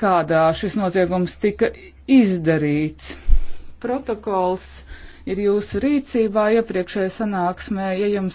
kādā šis noziegums tika izdarīts. Protokols ir jūsu rīcībā iepriekšējā sanāksmē, ja jums